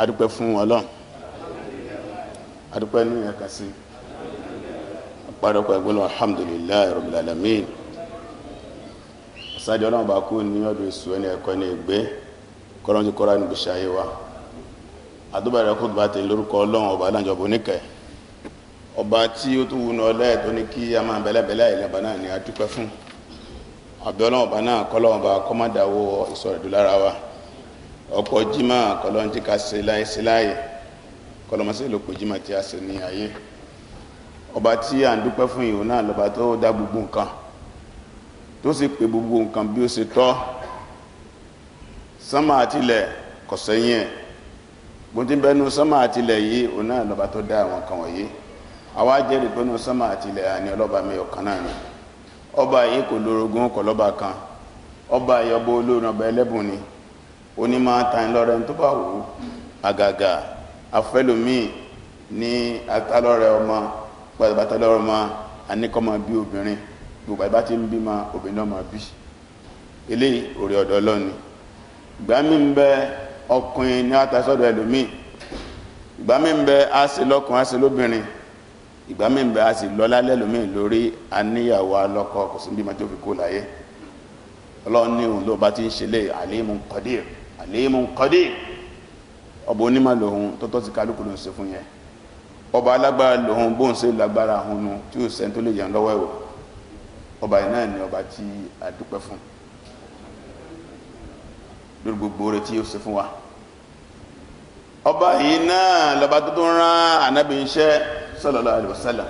adúpẹ́ fún ọlọ́run adúpẹ́ ní ẹ̀ka sí pàdọ́pọ̀ ẹgbẹ́ lọ alhamdulillahi rabbil alamin ọlọ́run bá kú ní ọdún èso ẹni ẹ̀kọ́ ẹni ẹgbẹ́ kọ́lọ́n ti kọ́ra níbi ṣayé wa àdúbàrẹ̀ kó bá lórúkọ ọba ọba tí ó tún ọlẹ́ tó ní kí a máa bẹ́lẹ́bẹ́lẹ́ ìlẹ̀bà náà ni adúpẹ́ fún ọba náà kọ́lọ́run ọba ìsọ̀rẹ̀dúlára wa. ọ̀pọ̀ jimá kọlọ́njí ká ṣe láyé sí láyé kọlọ́mọsí lòpọ̀ jimá tí a ṣe ní ayé ọba tí a ń dúpẹ́ fún ìhò náà lọ́ba tó dá gbogbo nǹkan tó sì pé gbogbo nǹkan bí ó ṣe tọ́ sánmà àtìlẹ̀ kọ̀sẹ́yìn ẹ̀ gbóntínbẹ́nu sánmà àtìlẹ̀ yìí òun náà lọ́ba tó dá àwọn kan wọ̀nyí àwa jẹ́rìí pé sánmà àtìlẹ̀ àní ọlọ́ba mẹ́yọ̀ kan náà ni ọba yìí kò lórogún kọ̀ kan ọba yọ̀bọ olóòrùn ọba ẹlẹ́bùn ni ó ní máa ta ìlọ́rẹ̀ tó bá wù ú àgàgà afẹ́lòmíì ní atálọ́rẹ̀ ọmọ gbàdàbà atálọ́rẹ̀ ọmọ aníkọ́mọ bí obìnrin gbogbo àbá ti ń bímọ obìnrin ọmọ bí eléyìí òrè ọ̀dọ́ lọ́ni ìgbà mi ń bẹ ọkùnrin ní atasọ́dọ̀ ẹlòmíì ìgbà mi ń bẹ á sì lọ́kùnrin lóbìnrin ìgbà ń bẹ á sì lọ́lá lórí aníyàwó alọ́kọ kò sí bímọ tó fi kó láyé ọlọ́run ní òun ló bá ti ń ṣe lé àlímù kọ́díìrì alimun qadir ọba onímọ̀ lòun tọ́tọ́ sí kálukú ló ń ṣe fún yẹn ọba alágbára lòun bóun ṣe lágbára òun nu tí ò sẹ́ni tó lè yàn lọ́wọ́ ẹ̀wọ̀ ọba yìí náà ni ọba tí a dúpẹ́ fún lórí gbogbo rẹ̀ tí ó ṣe fún wa ọba yìí náà lọba tó rán ànábì iṣẹ́ sallallahu alaihi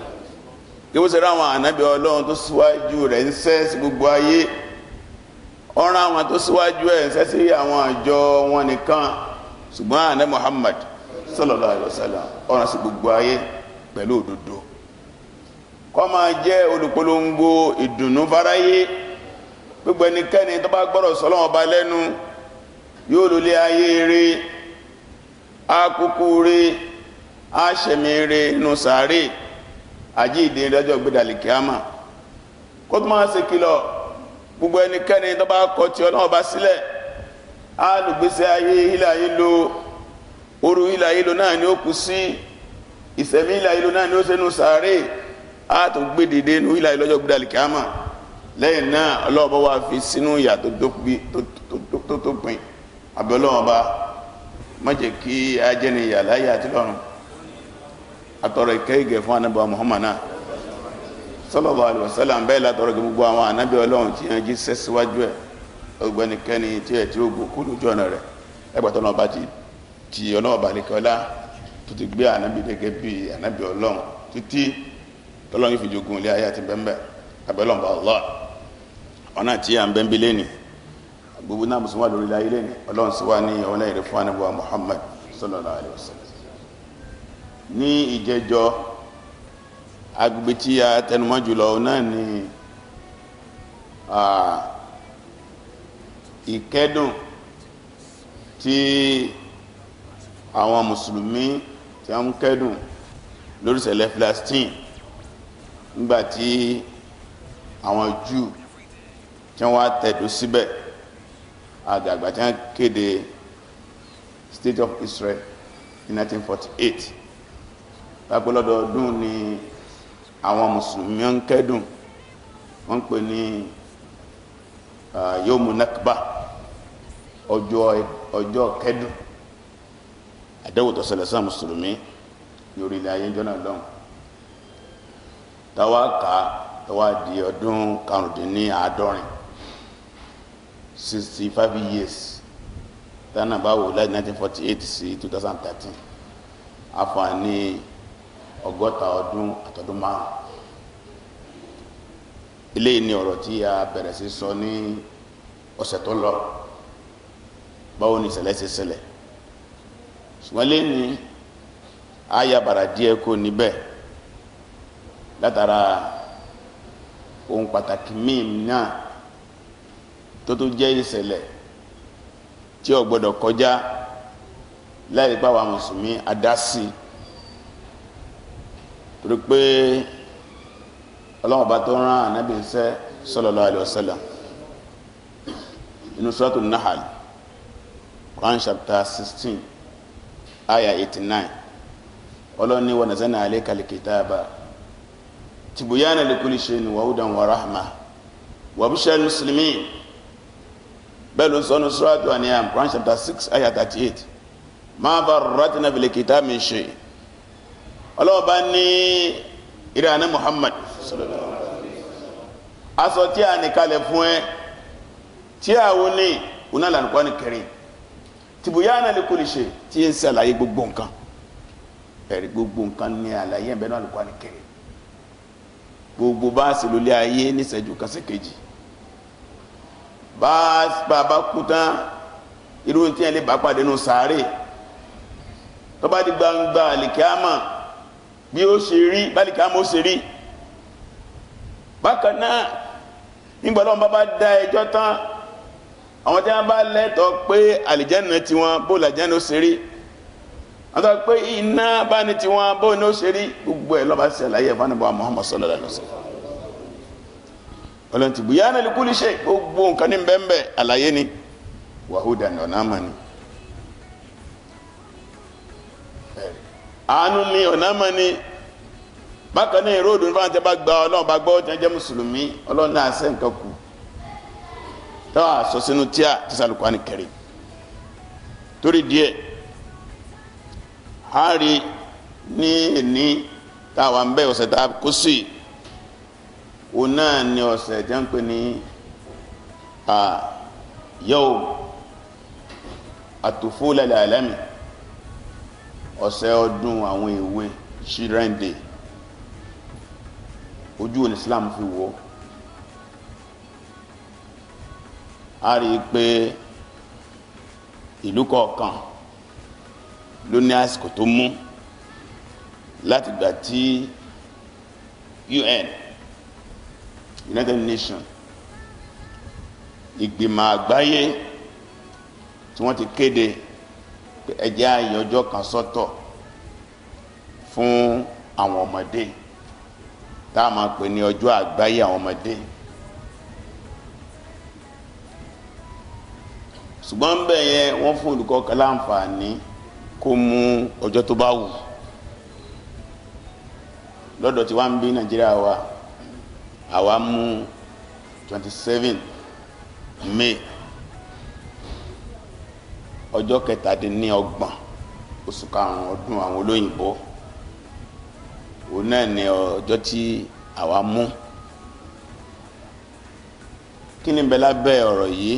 kí wọ́n ṣe àwọn ànábì ọlọ́run tó síwájú rẹ̀ ń sẹ́ sí gbogbo ayé ọ̀ràn àwọn tó síwájú ẹ̀ ń sẹ́sí àwọn àjọ wọn nìkan ṣùgbọ́n àná Muhammad sallallahu alaihi wasallam ọ̀ràn sí gbogbo ayé pẹ̀lú òdodo kó máa jẹ́ olùpolongo ìdùnnú fáráyé gbogbo ẹnikẹ́ni tó bá gbọ́rọ̀ sọ́lọ́wọ́n ba lẹ́nu yóò lólé ayé rí akúkú rí aṣẹ̀mí rí nù sàárè àjíǹde ìdájọ́ gbẹdàlì kíámà kó tó máa ṣe kìlọ̀ gbogbo ẹnikẹ́ni tó bá kọ̀ tí Ọlọ́run bá sílẹ̀ á lùgbèsè ayé ilẹ̀ ayé lo òru ilẹ̀ ayé lo náà ni ó kù sí ìsẹ̀mí ilẹ̀ ayé lo náà ni ó sẹ́nu sàárè á tó gbé dìde nu ilẹ̀ ayé lọ́jọ́ gbé dàlí kíámà lẹ́yìn náà Ọlọ́run bá wà fi sínú ìyà tó tó pin àbí Ọlọ́run bá kí ajẹ́ni ìyà láyé àti lọ́run àtọ̀rọ̀ ìkẹ́ ìgẹ̀ fún anábọ̀ Muhammad náà sallallahu alaihi wasallam bẹ́ẹ̀ látọ̀rọ̀ gbogbo àwọn ànábì ọlọ́run tí yẹn jí sẹ́síwájú ẹ̀ ọgbẹ́nikẹ́ni tí ẹ̀ tí ó gbòkú lójú ọ̀nà rẹ̀ ẹgbẹ̀tọ́ náà bá ti ti ọlọ́run balẹ̀kọ́lá tó ti gbé ànábì gẹ́gẹ́ bí ànábì ọlọ́run títí tọ́lọ́run fi jogun ilé ayé àti bẹ́ẹ̀ abẹ́lọ́run bá ọlọ́ ọ̀nà tí à ń bẹ́ẹ̀ bí lẹ́ni gbogbo náà mùsùlùmí wà lórí ilé ayé lẹ́ni ọlọ́run sì wà ní ọ̀nà ìrẹ̀fún ànábì wa Muhammad sallallahu alaihi wasallam ní ìjẹjọ́ agbègbè tí a tẹnumọ́ jùlọ náà ni ìkẹ́dùn tí àwọn mùsùlùmí tí wọ́n ń kẹ́dùn lóríṣẹ̀lẹ̀ Palestine nígbàtí àwọn Júù tí wọ́n wá tẹ̀dó síbẹ̀ àgbàgbà tí wọ́n kéde State of Israel in 1948 lápẹ́ lọ́dọọdún ni àwọn mùsùlùmí ń kẹ́dùn wọ́n ń pè ní yomu nakba ọjọ́ ọjọ́ kẹ́dùn àdẹ́wò tó ṣẹlẹ̀ sáà mùsùlùmí ní orílẹ̀ ayé jọ́nà lọ́hùn táwa kà táwa di ọdún karùndínláàádọ́rin sixty five years tánà báwo láti nineteen forty eight sí two thousand thirteen àǹfààní ọgọ́ta ọdún àtọdún márùn eléyìí ni ọ̀rọ̀ tí a bẹ̀rẹ̀ sí sọ ní ọ̀sẹ̀ tó lọ báwo ni ìṣẹ̀lẹ̀ ṣe ṣẹlẹ̀ ṣùgbọ́n lẹ́ni ayabara díẹ̀ kò níbẹ̀ látara ohun pàtàkì míì náà tó tó jẹ́ ìṣẹ̀lẹ̀ tí ó kọjá láì pa àwọn mùsùlùmí adásí torí pé ọlọ́run ọba tó rán ànábì iṣẹ́ sallallahu alaihi wasallam inú suratul nahal Quran chapter sixteen aya eighty nine ọlọ́run ní wa nazana alayka al-kitaba tibyana likulli shay'in wa hudan wa rahma wa bishiril muslimin bẹ́ẹ̀ ló sọ ní suratul aniyam Quran chapter six aya thirty eight ma farratna fil kitabi min shay' ọlọ́wọ́ bá ní ìrànà Muhammad aṣọ tí a nìkalẹ̀ fún ẹ tí a wo ní oná lànàkọ́ ní kẹrin tìbúyá náà lè kó lè ṣe tí ń ṣe àlàyé gbogbo nǹkan ẹ̀rí gbogbo nǹkan ní àlàyé ẹ̀bẹ̀ náà lùkọ́ ní kẹrin gbogbo bá a sì ayé níṣẹ́jú kan kejì bá a irú tí lè bá pàdé nù sáré tó di gbangba àlìkíámà bí ó ṣe rí bálíkà mọ́ ṣe rí bákan náà nígbà lọ́wọ́ bá dá ẹjọ́ tán àwọn tí wọ́n bá lẹ́tọ̀ọ́ pé àlìjẹ́nà tiwọn bó làjẹ́nà ó ṣe rí wọ́n sọ pé iná bá ní tiwọn bó ní ó ṣe rí gbogbo ẹ̀ lọ́ba ṣàlàyé ẹ̀fọn níbo Muhammad sallallahu alaihi wasallam ọlọ́run ti bùyá náà lè kúlù ṣe gbogbo nǹkan ní bẹ́ẹ̀ bẹ́ẹ̀ àlàyé ni wàhùdà ní ọ̀nà àmà ni. àánú ni ni bákan náà ìró òdòdó fáwọn tẹ bá gba ọlọ́run bá gbọ́ tẹ mùsùlùmí ọlọ́run náà ṣe nǹkan kù táwọn àṣọ sínú tíà tí sàlùkọ́ ni kẹrì torí díẹ̀ a rí ní táwa ń bẹ ọ̀sẹ̀ tá a kó sí ni ọ̀sẹ̀ tí wọ́n ń pè ní àtòfó ọ̀sẹ̀ ọdún àwọn èwe children day ojú òní Islam fi wò ó a rí i pé ìlú kọ̀ọ̀kan ló ní àsìkò tó mú láti gbà tí UN United Nations ìgbìmọ̀ àgbáyé tí wọ́n ti kéde ẹjẹ́ ààyè ọjọ́ kan sọ́tọ̀ fún àwọn ọmọdé tá a máa pè ní ọjọ́ àgbáyé àwọn ọmọdé ṣùgbọ́n bẹ́ẹ̀ yẹn wọ́n fún olùkọ́ kan láǹfààní kó mú ọjọ́ tó bá wù lọ́dọ̀ tí wá ń bí nàìjíríà wa àwa mú twenty seven may ọjọ́ kẹtàdínlọ́gbọ̀n oṣù karùn-ún ọdún àwọn olóyìnbó òun náà ni ọjọ́ tí àwa mú kí ni bẹ́ẹ̀ lábẹ́ ọ̀rọ̀ yìí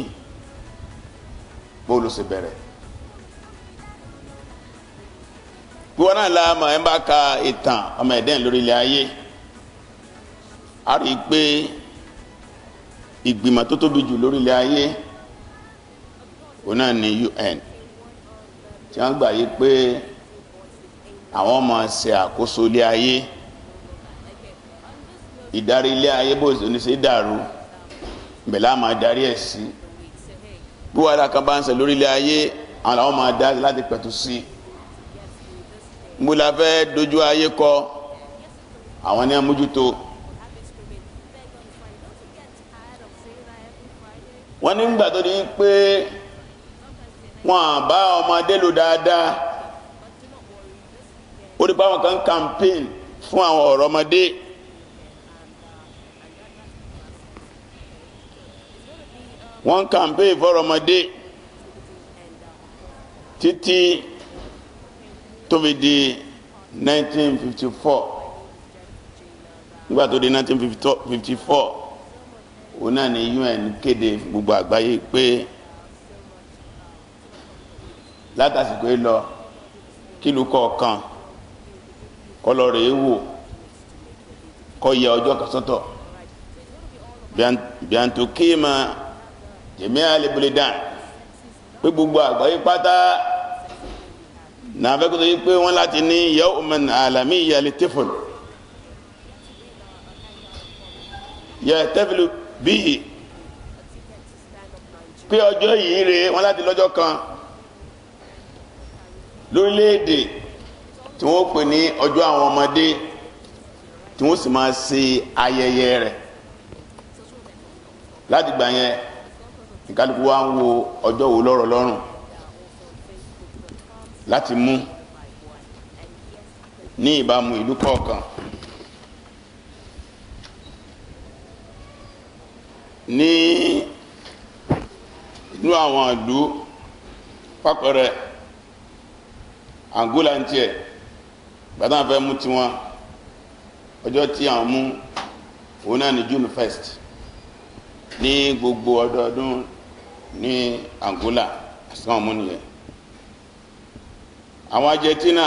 bóòlù sì bẹ̀rẹ̀ gbogbo náà la mọ̀ ẹ́ bá ka ìtàn ọmọ ẹ̀dẹ́n lórí ilẹ̀ ayé a rí i pé ìgbìmọ̀ tó tóbi jù lórí ilẹ̀ ayé. òun náà UN tí wọ́n gbà yí pé àwọn ọmọ ṣe àkóso ilé ayé ìdarí ilé ayé bó ṣe ní dàrú bẹ̀lá máa darí ẹ̀ sí bí wàhálà kan bá ń ṣe lórí ilé ayé àwọn làwọn máa dá láti sí kọ àwọn ní amójútó. nígbà tó pé. wọn à bá ọmọdé lò dáadáa ó ní báwọn kan campaign fún àwọn ọ̀rọ̀ ọmọdé. wọ́n campaign fọ́rọ̀ ọmọdé títí tó fi di 1954 nígbà tó di 1954 òun náà ni UN kéde gbogbo àgbáyé pé látàsìkò yìí lọ kílù kọ̀ọ̀kan kọlọ rèé wò kọ yẹ ọjọ́ kan sọ́tọ̀ biantu kéema jẹmí alebule dàn pé gbogbo àgbáyé pátá nàfẹ́ kótó yìí pé wọ́n láti ní yawman alami yali tifol yẹ tẹ́fìlú bíi pé ọjọ́ yìí rèé wọ́n láti lọ́jọ́ kan lórílẹ̀‐èdè tí wọ́n pè ní ọjọ́ àwọn ọmọdé tí wọ́n sì máa ṣe ayẹyẹ rẹ̀ láti gbà yẹn ìkálukú wa ń wo ọjọ́ wo lọ́rọ̀ lọ́rùn láti mú ní ìbámu ìlú kọ̀ọ̀kan ní inú àwọn ìlú pápẹ́rẹ́ Angola ń tiẹ̀ gbàtà fẹ́ mú tiwọn ọjọ́ tí àwọn mú òun náà ní June first ní gbogbo ọdọọdún ní Angola àsìkò àwọn mú nìyẹn àwọn Argentina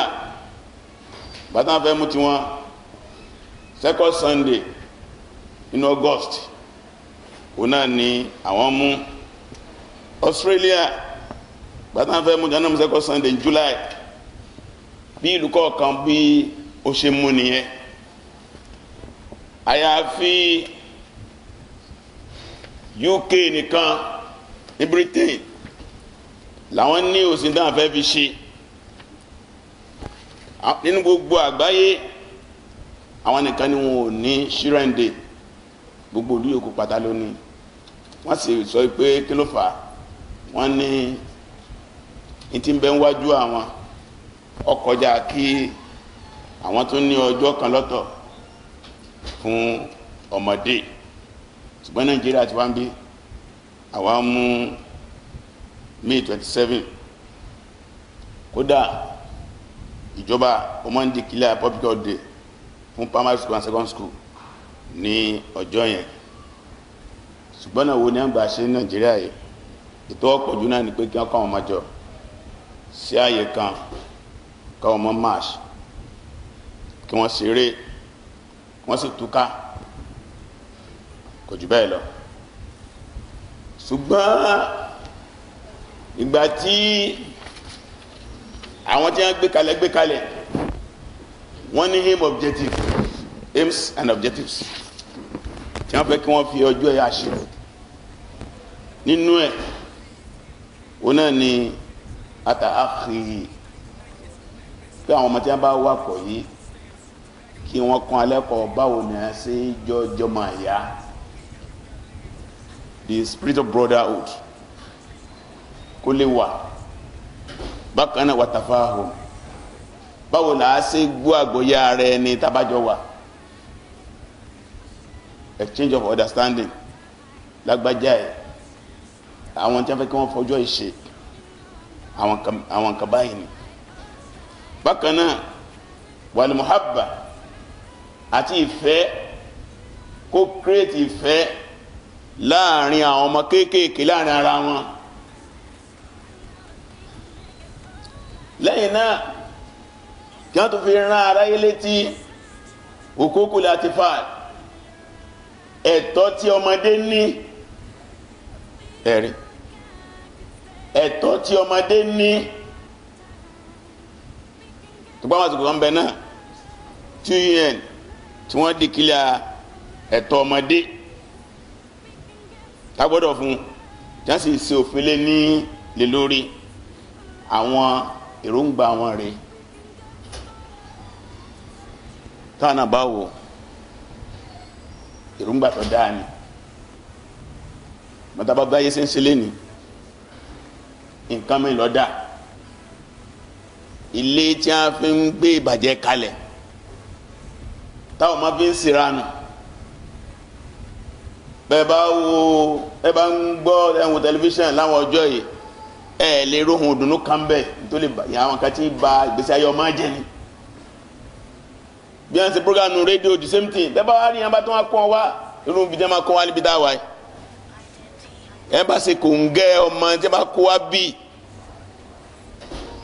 gbàtà fẹ́ mú tiwọn second Sunday inú August òun náà ní àwọn mú Australia gbàtà fẹ́ mú ghana mú second Sunday in July bí ìlú kọ̀ọ̀kan bí ó ṣe mú nìyẹn àyàfi UK nìkan ní Britain làwọn ní òsì dáhùn fẹ́ fi ṣe nínú gbogbo àgbáyé àwọn nìkan ni wọn ò ní ṣírẹ́ǹde gbogbo olú yòókù pátá lónìí wọ́n sì sọ pé kí ló fà á wọ́n ní ní ti ń bẹ ń wájú àwọn ọkọjá kí àwọn tó ní ọjọ́ kan lọ́tọ̀ fún ọmọdé ṣùgbọ́n nàìjíríà ti wá ń bí àwa mú may twenty seven kódà ìjọba ó máa ń di kílẹ̀ public holiday fún primary school and secondary school ní ọjọ́ yẹn ṣùgbọ́n náà wo ni àgbà ṣe ní nàìjíríà yìí ètò ọ̀pọ̀jù náà ni pé kí wọ́n kọ́ àwọn ọmọ jọ sí àyè kan káwọn ọmọ march kí wọ́n ṣeré wọ́n sì túká kò jù bẹ́ẹ̀ lọ ṣùgbọ́n ìgbà tí àwọn tí wọ́n gbé kalẹ̀ gbé kalẹ̀ wọ́n ní aim objective aims and objectives tí wọ́n fẹ́ kí wọ́n fi ọjọ́ ẹ̀ àṣẹ nínú ẹ̀ òun náà ni ata akhihi pé àwọn ọmọ tí wọ́n bá wà pọ̀ yìí kí wọ́n kọ́ alẹ́kọ̀ọ́ báwo ni a ṣe jọjọ́ máa yá the spirit of brotherhood kó lè wà bákan náà wà tafahum báwo là á ṣe gbọ́ àgbọ́yé ara ẹni tábàjọ wà exchange of understanding lágbájá ẹ àwọn tí wọ́n fẹ́ kí wọ́n fọjọ́ ìṣe àwọn kan báyìí ni bákan náà wàlúmùhábà àti ìfẹ́ kó kírètì ìfẹ́ láàrin àwọn ọmọ kéékèèké láàrin ara wọn lẹ́yìn náà kí wọ́n tún fi rán aráyé létí òkókò láti fà ẹ̀tọ́ tí ọmọdé ní ẹ̀rí ẹ̀tọ́ tí ọmọdé ní ṣùgbọ́n àwọn àsìkò kan bẹ náà tun tí wọ́n di kílíà ẹ̀tọ́ ọmọdé tágbọ́dọ̀ fún tí wọ́n sì ṣe òfin lé ní lè lórí àwọn èròǹgbà wọn rèé táwọn náà bá wò èròǹgbà tó dáa ni mọ̀tàbá báyé ṣe ń ṣe lé ní nǹkan mi lọ́ọ́ dáa ilé tí a fi ń gbé ìbàjẹ́ kalẹ̀ táwọn máa fi ń sìranù bẹ́ẹ̀ bá wo ẹ bá ń gbọ́ ẹ̀wọ̀n tẹlifíṣàn láwọn ọjọ́ yìí ẹ lè rohun ìdùnnú kan bẹ́ẹ̀ nítorí àwọn kan tí ba ìgbésí ayé ọmọ jẹ ni bí wọ́n ṣe programu rédíò the same thing bẹ́ẹ̀ bá wà ní abá tó wà kọ́ wa irú ibi tí wọ́n kọ́ wa níbi tá a wà yìí ẹ bá ṣe kò ń gẹ́ ọmọ tí wọ́n bá kó wa bíi.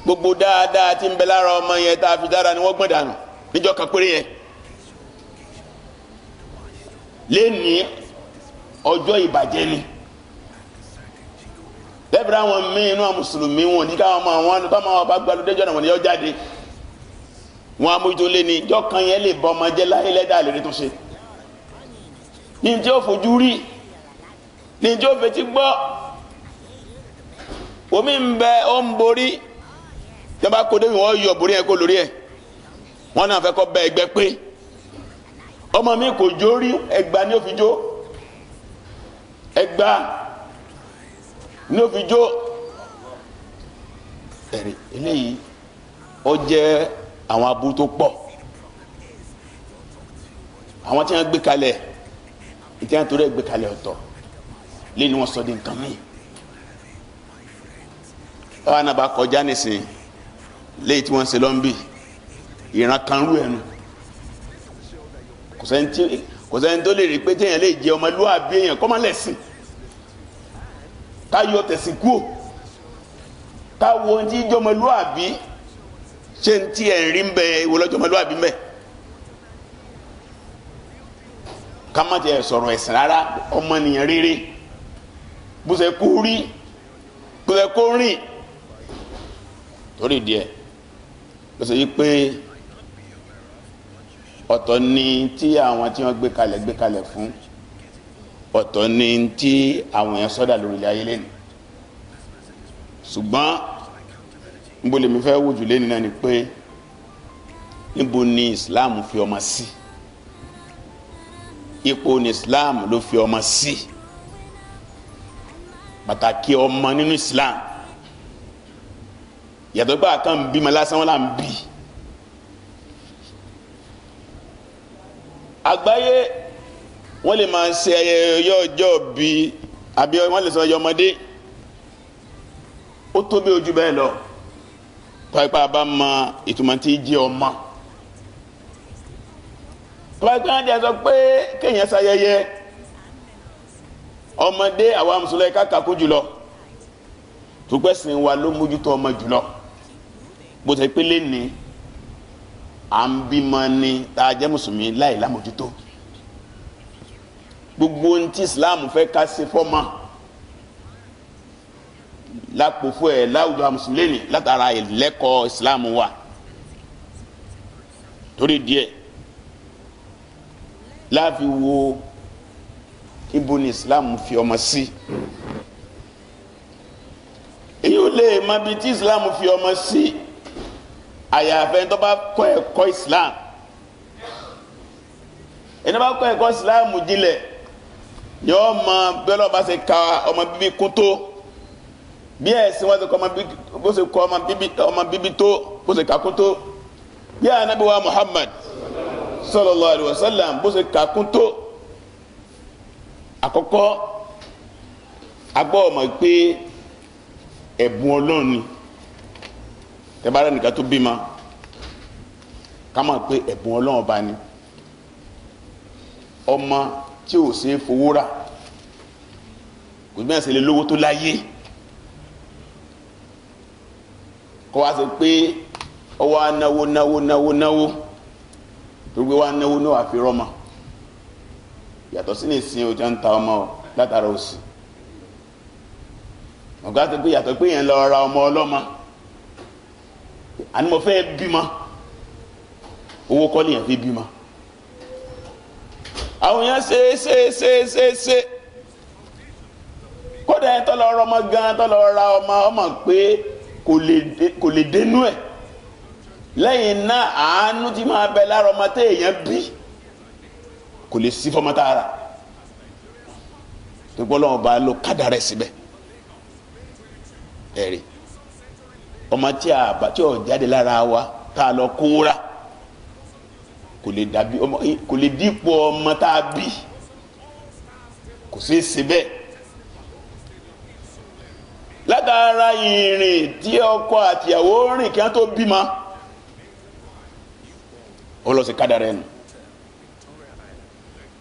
gbogbo dáadáa tí ń bẹ lára ọmọ yẹn tá a fi dára ni wọ́n gbọ́n dànù níjọ́ kan péré yẹn lẹ́ni ọjọ́ ìbàjẹ́ ni lẹ́bìrì àwọn míín inú àwọn mùsùlùmí wọn ní káwọn ọmọ àwọn bá máa bá gbalùdẹ́jọ́ náà wọ́n yọ jáde wọn amójútó lẹ́ni ìjọ kan yẹn lè omi ń bẹ yẹn bá kó débi wọn yọ borí yẹn kó lórí yẹn wọn náà fẹ́ kọ bẹ ẹgbẹ́ pé ọmọ mi kò jó rí ẹgbà ni ó fi jó ẹgbà ni ó fi jó ẹrí eléyìí ó jẹ àwọn aburú tó pọ̀ àwọn tí wọn gbé kalẹ̀ ìtí wọn torí gbé kalẹ̀ ọ̀tọ̀ lẹ́yìn wọn sọ di nǹkan mi ọ ànàbà kọjá nísìnyí léyìí tí wọ́n ṣe lọ́nbì ìran kan rú ẹnu kò sẹ́ni tó lè rí pé téèyàn lè jẹ ọmọlúwàbí èèyàn kọ́ máa lẹ̀sìn káyọ̀ tẹ̀sìn kú káwọ ohun tí jọmọlúwàbí ṣé ń tí ẹ̀ ń rí mbẹ ìwọlọ́jọmọlúwàbí mbẹ ká má tiẹ̀ sọ̀rọ̀ ẹ̀sìn rárá ọmọnìyàn rere bó ṣe rí bó ṣe rìn torí díẹ̀ ló sọ yìí pé ọ̀tọ̀ ni tí àwọn tí wọ́n gbé kalẹ̀ gbé kalẹ̀ fún ọ̀tọ̀ ni tí àwọn èèyàn sọ́dà lórílẹ̀ ayé lẹ́nu ṣùgbọ́n níbo lèmi fẹ́ wòjú lẹ́nu náà ni pé níbo ni Islam fi ọmọ sí ipò ni Islam ló fi ọmọ sí pàtàkì ọmọ nínú Islam. Si yàtọ̀ pé àkàn ń bímọ lásán wọn là ń bì. àgbáyé wọ́n lè máa ṣe ayẹyẹ ọjọ́ bí àbí wọ́n lè sọ ọjọ́ ọmọdé ó tó bí ojú bẹ́ẹ̀ lọ pàápàá bá mọ ìtumọ̀ tí jẹ́ ọmọ pàápàá jẹ́ sọ pé kéèyàn ṣayẹyẹ ọmọdé àwa mùsùlùmí kàkà kú jùlọ tùpẹ́sìn wa ló mójútó ọmọ jùlọ bó ṣe pélé ni à ń bímọ ni tá a jẹ́ mùsùlùmí láì lámòjútó gbogbo ohun tí islam fẹ́ ká ṣe fọ́mọ lápòfó ẹ̀ láwùjọ àmùsùlùmí látara ìlẹ́kọ̀ọ́ islam wa torí díẹ̀ láàfi wo ibo ni islam fi ọmọ sí èyí ò lè mọ ibi tí islam fi ọmọ sí. Si àyàfẹ́ tó bá kọ́ ẹ̀kọ́ islam ẹni bá kọ́ ẹ̀kọ́ islam jinlẹ̀ yóò mọ bẹ́lẹ̀ ọba ṣe ka ọmọ bíbí kún tó bí ẹ̀sìn wọn ṣe kọ́ ọmọ bíbí tó bó ṣe kà kún tó bí anabi muhammad sallallahu alaihi wa sallam bó ṣe kà kún tó àkọ́kọ́ agbọ́ ọmọ pé ẹ̀bùn ọlọ́run ni tẹ́bárà nìkan tó bímọ ká máa pé ẹ̀bùn ọlọ́run bá ní ọmọ tí ò ṣeé fowó rà kò bí wọ́n ṣe lè lówó tó láyé kó wá sọ pé ọwọ́ á náwó náwó náwó náwó tó gbé wá náwó náà àfi rọ́mọ yàtọ̀ sí ní ìsìn ojú ń ta ọmọ látara òsì ọ̀gá tó gbé yàtọ̀ pé yẹn lọ ra ọmọ ọlọ́mọ àní mo fẹ́ bímọ owó kọ́ lèèyàn fi bímọ àwọn èèyàn ṣe ṣe ṣe ṣe ṣe kódà ẹ tọ́lọ ọrọ̀ ọmọ gan tọ́lọ ra ọmọ ọmọ pé kò lè dénú ẹ̀ lẹ́yìn náà àánú ti máa bẹ lára ọmọ tẹ́ èèyàn bí kò lè sí fọmọ tá a rà tó gbọ́ lọ́wọ́ bá lọ kádàrá síbẹ̀ ẹ̀rí ọmọ tí a bá tí ò jáde lára wa tá a lọ kóra kò lè dàbí ọmọ kò lè dípò ọmọ tá a bí kò sí ṣe bẹ́ẹ̀ látara ìrìn tí ọkọ àtìyàwó rìn kí wọ́n tó bímọ ó lọ sí kádàrá ẹnu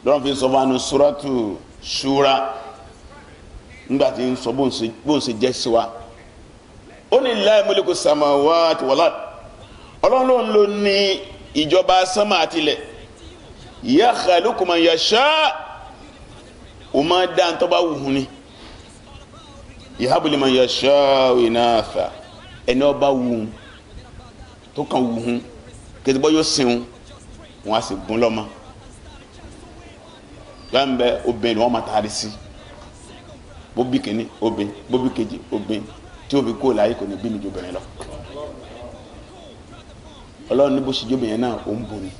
lọ́run fi sọ fún anu suratu ṣúra nígbà tí ń sọ bóun ṣe jẹ́ sí wa ó ní láì múlẹ̀kù sàmáwá àti wọ́lá ọlọ́run ló ń lò ní ìjọba sánmà àtìlẹ̀ yakhluqu man yasha ó máa dá ń tọ́ba wù hún ni yahabu liman yasha inatha ẹni ọba wù tó kàn wù hún yóò sìn wọn a sì gún lọ́mọ láǹbẹ̀ obìnrin ni wọ́n máa taari sí bóbi kìíní obìnrin bóbi kejì obìnrin tí ó fi kó láyé kò ní bí mi ju obìnrin lọ ọlọ́run ní bó ṣe jóbi yẹn náà ó ń boni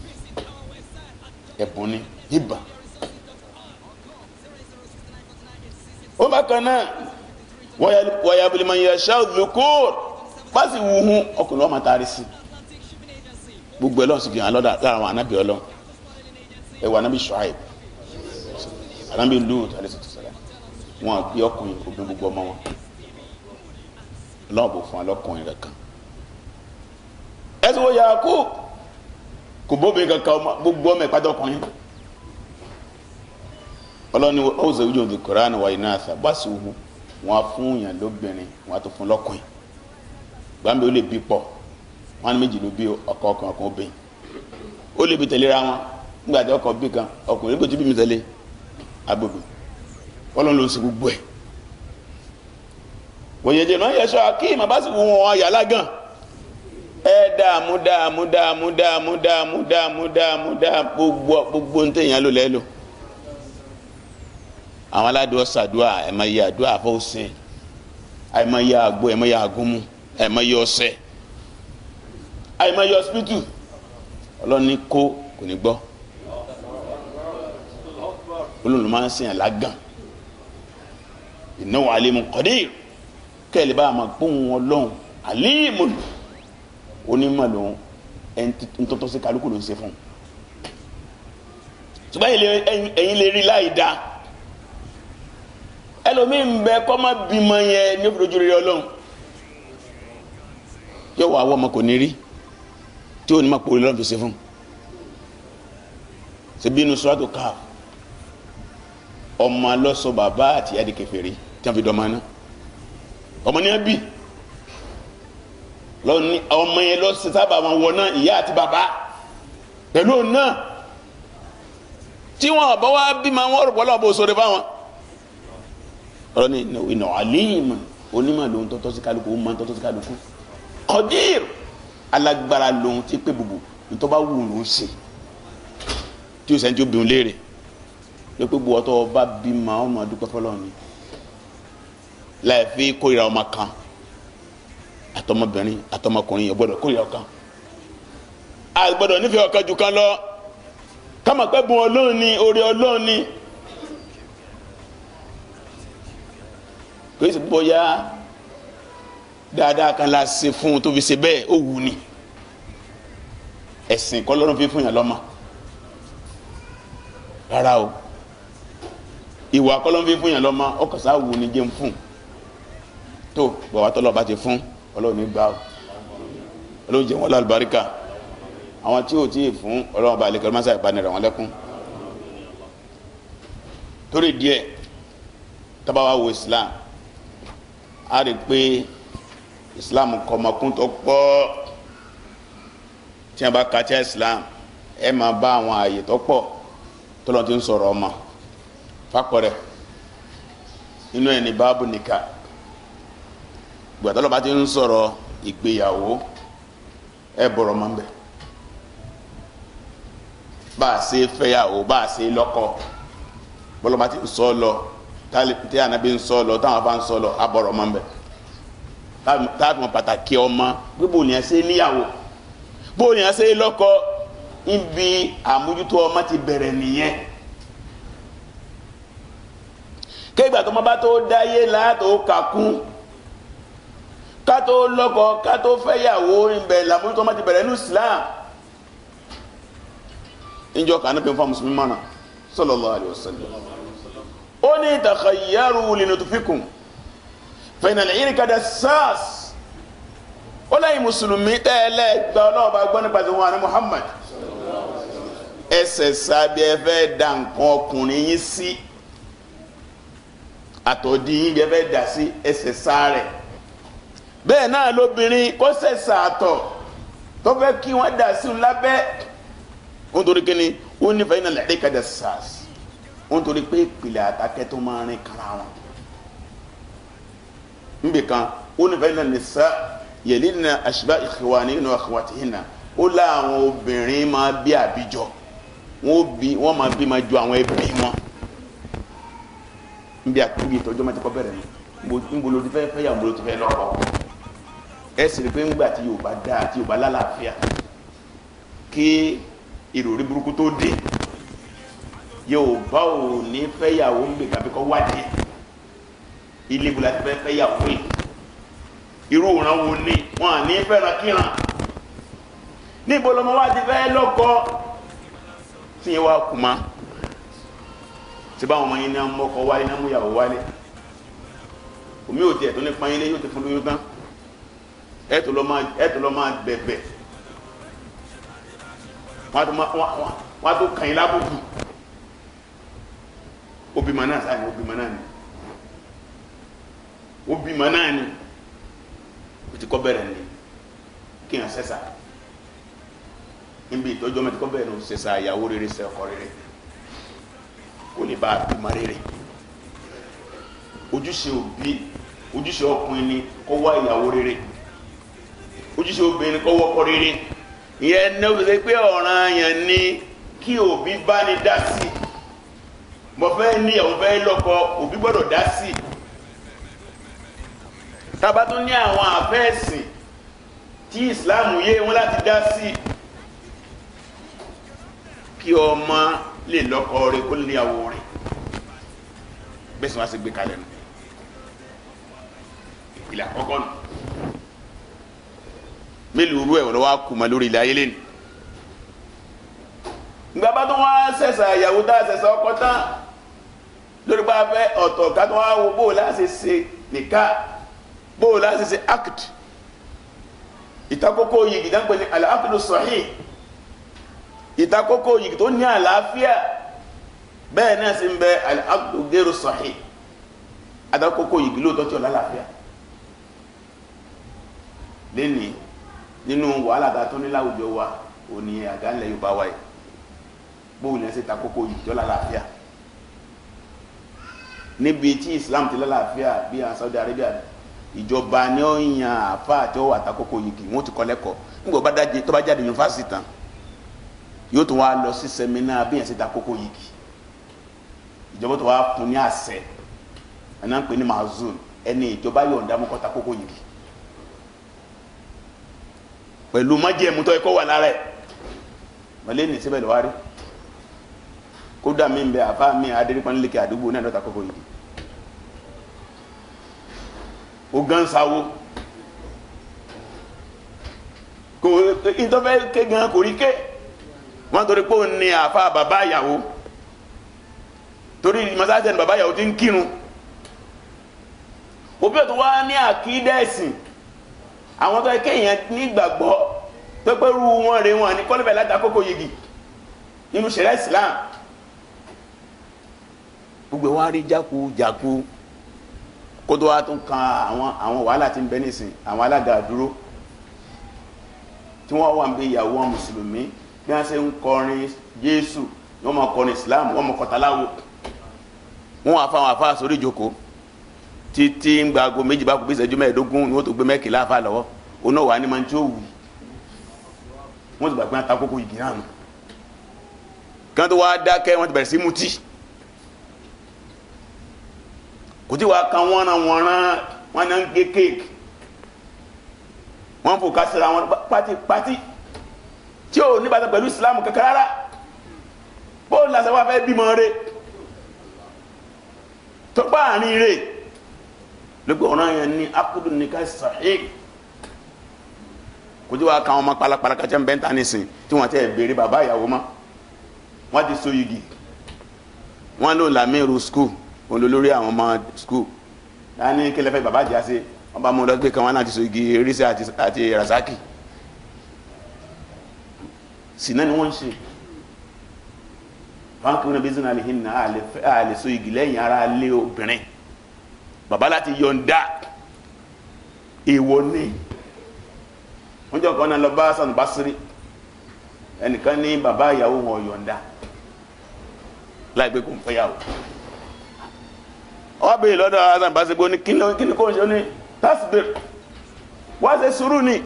ẹ̀bùn ni hibà ó bákan náà wọ́yà abúlémọ̀ yẹn ṣáàdùkú pàṣẹ wùhún ọkùnrin ọmọ tá a rí sí gbogbo ẹlọ́run sì fi hàn lọ́dà lára àwọn anábì ọlọ́run ẹ̀wọ̀ anábì Ṣuaib anábì Lut alayhi salam wọn àgbẹ̀ ọkùnrin obìnrin gbogbo ọmọ wọn. ọlọ́run bò fún wa lọ́kùnrin kankan ẹ̀sùn wo Yakub kò bóbi kankan gbogbo ọmọ ìpàdé ọkùnrin ọlọ́ni ọ̀sẹ̀ ojú ọdún koran wa iná àṣà bá wọn á lóbìnrin wọn á fún lọ́kùnrin gbàmbé ó lè bí pọ̀ wọn méjì ló bí ọkọ ọkàn ọkàn obìnrin ó lè bí wọn nígbà tí bí kan ọkùnrin bí tẹ̀lé agbègbè ló ń gbogbo ẹ̀ wòyèdè náà yẹ sọ abasi bá sì wù wọn yàrá gan ẹ dààmú dààmú dààmú dààmú dààmú dààmú dààmú dààmú gbogbo gbogbo ntẹ yẹn ló lẹ́lò àwọn aládùn ọ̀sàdùà ẹ̀ máa yẹ àdúrà àfọwọ́sẹ̀ ẹ̀ máa yẹ àgbo ẹ̀ máa yẹ àgúnmu ẹ̀ máa yẹ ọ̀sẹ̀ ẹ̀ máa yẹ ọ̀sìpìtù ọlọ́ni kó kò ní gbọ́ olùlùmọ̀ á sìn ẹ̀ lágàn ìnáwó alẹ́ mu kọ́dé yìí kẹ́lẹ́ bá a máa gbóhùn ọlọ́run àlímù onímọ̀ lòun ẹni tuntun sí kálukú ló ń ṣe fún un ṣùgbọ́n ẹ̀yin lè rí láì dáa ẹlòmíì ń bẹ kọ́ bímọ yẹn ní òfurufú rere ọlọ́run yóò wá àwọn ọmọ kò ní rí tí ò ní lọ́run fi ṣe fún un ṣe bí inú káà ọmọ alọ́sọ bàbá àti ẹ̀dì rí tí wọ́n fi dọ́ náà ọmọ ní bí lọ́ni ọmọ yẹn lọ sábà wọn wọ náà ìyá àti bàbá pẹ̀lú òun náà tí wọn ọ̀bọ wa bí ma wọn rògbọ́lọ́ bó sọ̀rọ̀ fáwọn. lọ́ni ìnà àlíyìnmọ̀ onímọ̀ lòun tọ́tọ́ sí kálukú òun máa tọ́tọ́ sí kálukú kọ́díìr alágbára lòun ti pé bùbù ntọ́ba wù lòun sí tí o sẹ́ni tí o bí òun léèrè lọ́pẹ́ gbọ́ ọtọ́ ọba bí ma ọmọ adúpẹ́ fọlọ́ láì fi kórìíra ọmọ kan àtọmọbìnrin àtọmọkùnrin yẹn gbọ́dọ̀ kórìíra ọ̀kan a gbọ́dọ̀ nífẹ̀ẹ́ ọ̀kan jù kan lọ kámọ pẹ bùn ni oore Ọlọ́run ni kò sí bóyá dáadáa kan la ṣe fún un tó fi ṣe bẹ́ẹ̀ ó wù ni ẹ̀sìn kọ́ lọ́rùn fi fún yàn lọ́mọ rárá o ìwà kọ́ fi fún yàn lọ́mọ ọkọ̀ sáà wù ni jẹun fún un tó bọ̀ wá tọ́lọ́ bá ti fún ọlọ́run ní gbà ó ọlọ́run jẹ́ wọn lálùbáríkà àwọn tí ò tí ì fún ọlọ́run bá àlekẹ́ ọlọ́mọṣà ìbánirẹ̀ wọn lẹ́kún torí díẹ̀ tábà wo Islam a rí i pé Islam kọ̀ọ̀mọ̀kún tó pọ̀ tí wọn bá ka tí Islam ẹ máa bá àwọn àyè tó pọ̀ tọ́lọ́ ti ń sọ̀rọ̀ ọmọ fakọ̀rẹ́ inú ẹ̀ ní báàbù nìkan gbàtà lọ́ba ti ń sọ̀rọ̀ ìgbéyàwó ẹ bọ̀rọ̀ mọ́ bẹ́ẹ̀ bá a ṣe fẹ́yàwó bá a ṣe lọ́kọ bọ́lọ́ba ti ń sọ lọ tí ànábi ń sọ lọ táwọn afá ń sọ lọ abọ̀rọ̀ mọ́ bẹ́ẹ̀ táàbùn pàtàkì ọmọ gbogbo ènìyàn ṣe níyàwó gbogbo ènìyàn ṣe lọ́kọ níbi àmójútó ọmọ ti bẹ̀rẹ̀ nìyẹn kéègbà tó bá tó dáyé látò kakún kátó lọ́kọ kátó fẹ́yàwó ibẹ̀ làbójútó má ti bẹ̀rẹ̀ ní islam ìjọ kan ní pé fún musulmi mọ́nà sallallahu alaihi wasallam ó ní takhayyaru linutufikum fẹ̀yìnàlẹ̀ yìí kàdà sars ó lẹ́yìn mùsùlùmí tẹ́lẹ̀ gba ọlọ́ọ̀bá gbọ́ nípa ti wọn àná muhammad ẹsẹ̀ sábẹ́ ẹ fẹ́ da nǹkan ọkùnrin yín sí àtọ̀dí yín ẹ fẹ́ dà sí ẹsẹ̀ sáré bẹ́ẹ̀ náà lóbìnrin kó ṣẹ̀ṣà àtọ̀ tó fẹ́ kí wọ́n dà sí lábẹ́ wọ́n torí kíni wọ́n ní fẹ́yìn náà lẹ́ẹ̀dẹ́ kẹ́dẹ́ sars wọ́n torí pé ìpìlẹ̀ àtàkẹ́ tó máa rìn kára wọn. níbi kan wọ́n ní fẹ́yìn náà lè sá yẹ̀lí na àṣìbá ìkẹwà nínú àkẹwà tìhìn náà ó láwọn obìnrin máa bí àbíjọ wọ́n bí wọ́n máa bí máa ju àwọn ẹbí wọn. níbi àkúbi ìtọ́jú máa ti kọ́ bẹ̀rẹ̀ ní nbolodifẹ́ fẹ́ yà nbolodifẹ́ lọ́kọ̀ọ́ ẹ sì rí pé ńgbà tí yorùbá dá àti yorùbá lálàáfíà kí ìròrí burúkú tó dé yorùbá ò ní fẹ́yàwó ń bè tàbí kọ́ wádìí ilé ìbúlá ti fẹ́ fẹ́yàwó yìí irú òran wo ni wọn à ní fẹ́ràn kíran níbo lọmọ wa ti fẹ́ lọ́kọ tí yẹn wá kùmá tí báwọn ọmọ yẹn ní amọ́kọ wálé ní amúyàwó wálé omi ò tiẹ̀ tó ní pààyàn lé yóò ti fún lóyún tán ẹ tó lọ máa ẹ tó lọ máa bẹ̀bẹ̀ wọn tó wọn wọn tó kàn yín lábùkù obìmọ̀ náà sáyẹn obìmọ̀ náà ni obìmọ̀ náà ni o ti kọ́ bẹ̀rẹ̀ ni kí n sẹ́sà níbi ìtọ́jú ọmọ ti kọ́ bẹ̀rẹ̀ ni o sẹ́sà ìyàwó rere sẹ́ ọkọ rere kò lè bá a bímọ rere ojúṣe òbí ojúṣe ọkùnrin ni kó wá ìyàwó rere ojúṣe obìnrin kọ́ wọ́pọ̀ rere ìyẹn ní o ṣe pé ọ̀ràn yẹn ni kí òbí bá ní dá sí mo fẹ́ ní ìyàwó fẹ́ lọ́kọ òbí gbọ́dọ̀ dá sí tábà tún ní àwọn àfẹ́ẹ̀sìn tí ìsìláàmù yé wọn láti dá sí kí ọmọ lè lọ́kọ rẹ̀ kó lè yàwó rẹ̀ bẹ́ẹ̀ wá sí gbé kalẹ̀ nù ìpìlẹ̀ àkọ́kọ́ nù mélòó rú ẹ̀ wọ́n wá kùmọ̀ lórí ilẹ̀ ayé lẹ́nu. gbàgbá tó wá sẹ̀sà ìyàwó tá a sẹ̀sà ọkọ tán lórí bá a fẹ́ ọ̀tọ̀ ká tó wá wo bó o láti ṣe nìka bó o láti ṣe act ìtakókó yìí ìdánpẹ́ ní al-aqdu sahih ìtakókó yìí tó ní àlàáfíà bẹ́ẹ̀ náà sì ń bẹ al-aqdu ghairu sahih àtakókó yìí lóòótọ́ tí ò lálàáfíà lẹ́nìí nínú wàhálà tá a tún ní láwùjọ wa òní àga ńlẹ̀ Yorùbá wa yìí bóun yẹn ṣe ta kókó yìí tó lálàáfíà níbi tí Islam ti lálàáfíà bí i Saudi Arabia ìjọba ni ó yan àfa àti ọwọ àtakókò yìí kì wọn ti kọ lẹ́kọ̀ọ́ nígbà tó bá jáde yunifásitì tán yóò tún wá lọ sí sẹmínà bí yẹn ṣe ta kókó yìí kì ìjọba tó wá fún ní àṣẹ ẹ̀nà ń pè ní mazun ẹni ìjọba yọ̀ǹda mú kọ́ ta kókó yìí kì pẹ̀lú májẹ̀mú tó yẹ kó wà lára ẹ̀ mọ̀lẹ́ ní síbẹ̀ lọ́wọ́ rí kódà mi bẹ àfa mi adérípanilẹ́kẹ àdúgbò náà lọ́ta kókó yìí ó gán sáwó kò ìtọ́fẹ́ ké gan kò rí ké wọ́n torí pé òun ni àfa bàbá ìyàwó torí masáàtẹ̀ ni bàbá ìyàwó ti ń kírun òbí ò wá ní àkídẹ́sìn àwọn tó kéèyàn nígbàgbọ́ tó pé rú wọn rè wọn ní kọ́lẹ́bẹ̀ látàkókò yìgì nínú ṣẹlẹ̀ Islam gbogbo wa rí jákujàku kótó wa tún kan àwọn àwọn wàhálà tí ń bẹ nísìn àwọn alága dúró tí wọ́n wà ń bẹ ìyàwó wọn mùsùlùmí bí wọ́n ṣe ń kọrin Jésù wọ́n mọ̀ kọrin Islam wọ́n mọ̀ kọtaláwo wọ́n wà fáwọn afáàsórí ìjókòó. Titi ń gba aago méjì bá kú bí ìṣẹ́jú mẹ́ẹ̀ẹ́dógún ni wọ́n tó gbé mẹ́kìlá fa lọ́wọ́ oná wà ní ma ń tí ó wù wọ́n ti gbà pé àtakókò yìí náà nù kí wọ́n tó wá dákẹ́ wọ́n ti bẹ̀rẹ̀ sí mutí kò tí wàá kan wọ́n ran wọ́n ran wọ́n náà ń gé kéèkì wọ́n fò ká síra wọn pátí pátí tí ò ní pẹ̀lú ìsìlámù kankan rárá bóòlù làṣà wà fẹ́ bímọ rẹ̀ tó gbá àárín rẹ̀ lóko ọ̀ràn yẹn ní akudu nìkan sahih kójú wa kan ọmọ kpalakpala kàtí ẹn bẹ́ẹ̀ ta ni sìn tí wọ́n ti ẹ̀ béèrè bàbá ìyàwó ma wọ́n ti so yigi wọ́n lò lamiru skul olólórí àwọn ọmọ skul dání kẹlẹ́fẹ́ bàbá jà sí wọ́n bá mú lọ gbé kan wọn náà ti so yigi erisa àti rasaki sinna ni wọ́n ń ṣe báńkì wọn bí sinna alihinna àlè so yigi lẹ́yìn ara lé obìnrin bàbá láti yọ̀ǹda èèwọ̀ ni wọ́n jọ kan náà lọ bá sanu basiri ẹnìkan ní bàbá ìyàwó wọn yọ̀ǹda láì pé kò ń fẹ́ yàwó wọ́n bèèrè lọ́dọ̀ sanu basiri pé kí ni kò ń ṣe ó ní wá ṣe sùúrù ni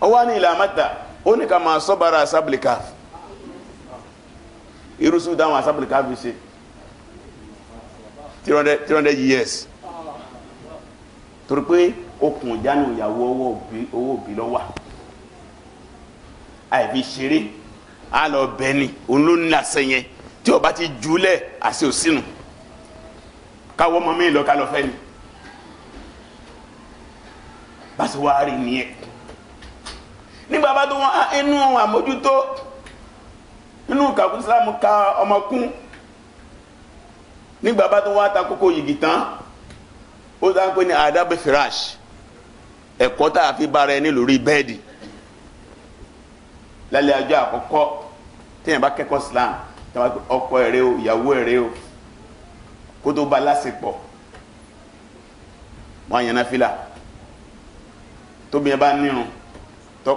ó wá ní ìlà mẹ́ta ó ní ká máa sọ́bàrà asábìlìkà irú sùúrù asábìlìkà fi ṣe three hundred three hundred years torí pé okùn ìjánu ìyàwó owó òbí lọ́wà àìfi ṣeré a lọ bẹ́ẹ̀ ni òun ló ń làṣẹ yẹn tí o bá ti júlẹ̀ àṣẹ òsínú káwọ́ ọmọ mi lọ ká lọ fẹ́ ni bá ṣe wá rí nìyẹn nígbà bá tó wọn ah, inú àmójútó inú kàkúsílámù ka ọmọkún nígbà bá tó wọn atakókò yìgì tán. ó dá pé ní adab firash ẹ̀kọ́ tá a fi bára ẹni lórí bẹ́ẹ̀dì lálẹ́ ajọ́ àkọ́kọ́ téèyàn ọkọ ẹ̀rẹ́ o ìyàwó ẹ̀rẹ́ o kó tó lásìpọ̀ wọ́n á yẹn fìlà tóbi yẹn bá nírun tọ́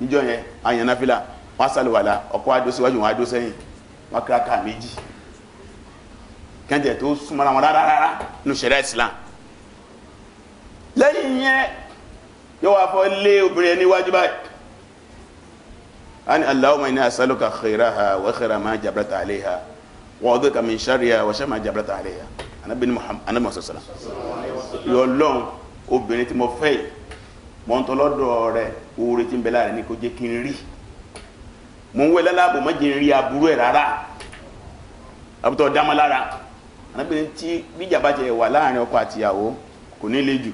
níjọ́ yẹn á fìlà wọ́n á sàlùwàlà ọkọ adó síwájú wọn sẹ́yìn wọ́n á kíra ká méjì kẹ́ńtẹ̀ tó súnmọ́ra wọn yẹn yóò wá fọ́ lé obìnrin ẹni wájú báyìí ani allahumma inna as'aluka khayraha wa khayra ma jabrata alayha wa a'udhuka min sharriha wa sharri ma jabrata alayha anabi muhammad anabi sallallahu alaihi wasallam yo lohun obìnrin tí mo fẹ́ yìí mo ń tọ́lọ́dọ̀ rẹ̀ oore tí ń bẹ láàrin ní kó jẹ́ kí n rí mo ń wẹ lálábò má jẹ́ n rí aburú ẹ̀ rárá àbútọ̀ dámọ́ lára tí bíjà jẹ wà láàrin ọkọ àtìyàwó kò ní le jù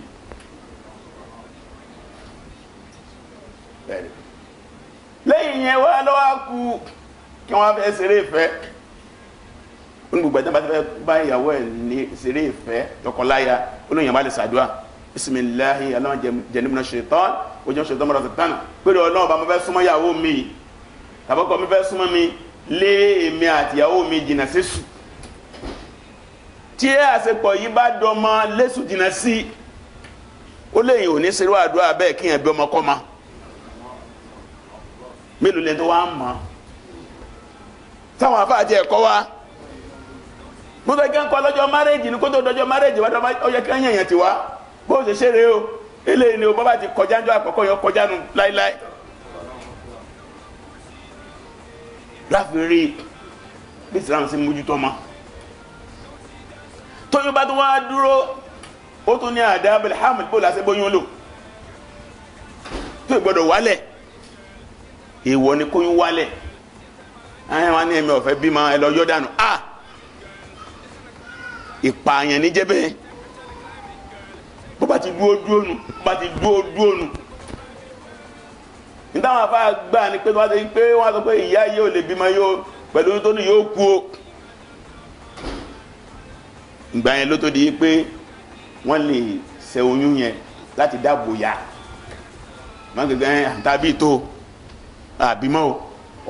lẹ́yìn yẹn wá lọ́wọ́ kú kí wọ́n fẹ́ ṣeré ìfẹ́ ó ní gbogbo ẹ̀dá bá ti fẹ́ bá ìyàwó ẹ̀ ní ṣeré ìfẹ́ tọkọláya ó ní ìyàwó alẹ́ sàdúrà bisimilahi aláwọn jẹnumuna ṣetán ojú ṣetán mọ́ra ṣetán pẹ̀lú ọlọ́run bá mo fẹ́ súnmọ́ ìyàwó mi tàbọ́kọ mi fẹ́ súnmọ́ mi lé èmi àti ìyàwó mi jìnnà sí sùn tí ẹ àṣepọ̀ yìí bá dọmọ lẹ́sùn jìnnà sí ó léyìn òní ṣerú àdúrà bẹ́ẹ̀ kíyàn bí ọmọ kọ́ máa mélòó lẹ́ni tó wá mọ̀ táwọn afáàjẹ ẹ̀kọ́ wa mo fẹ́ kí n kọ́ lọ́jọ́ márẹ́jì ní kótó lọ́jọ́ márẹ́jì wá dọ́ba ọyẹ kí n ti wá bó ṣe ṣe o eléyìí ni o bàbá ti kọjá ń jọ àkọ́kọ́ yẹn kọjá nu láíláí láfi rí bí Islam ṣe mójútó ma tóyún bá tó wá dúró ó tún ní àdá abdulhamid bó la ṣe bóyún lò tó gbọdọ̀ wálẹ̀ èèwọ̀ ni kóyún wálẹ̀ ẹ wọn ní ẹ̀mí ọ̀fẹ́ bímọ ẹ lọ yọ dànù a ìpààyàn ní jẹ́ bẹ́ẹ̀ bó bá ti dúó dúó nu bó bá ti dúó dúó nu níta wọn afa gbà ni pé wọn ti pé wọn sọ pé ìyá yìí lè bímọ yóò pẹ̀lú tó ní yóò kú o ìgbà yẹn ló tó di pé wọ́n lè ṣe oyún yẹn láti dáàbò yá wọn gbẹgbẹ àtàbí tó àbímọ́ o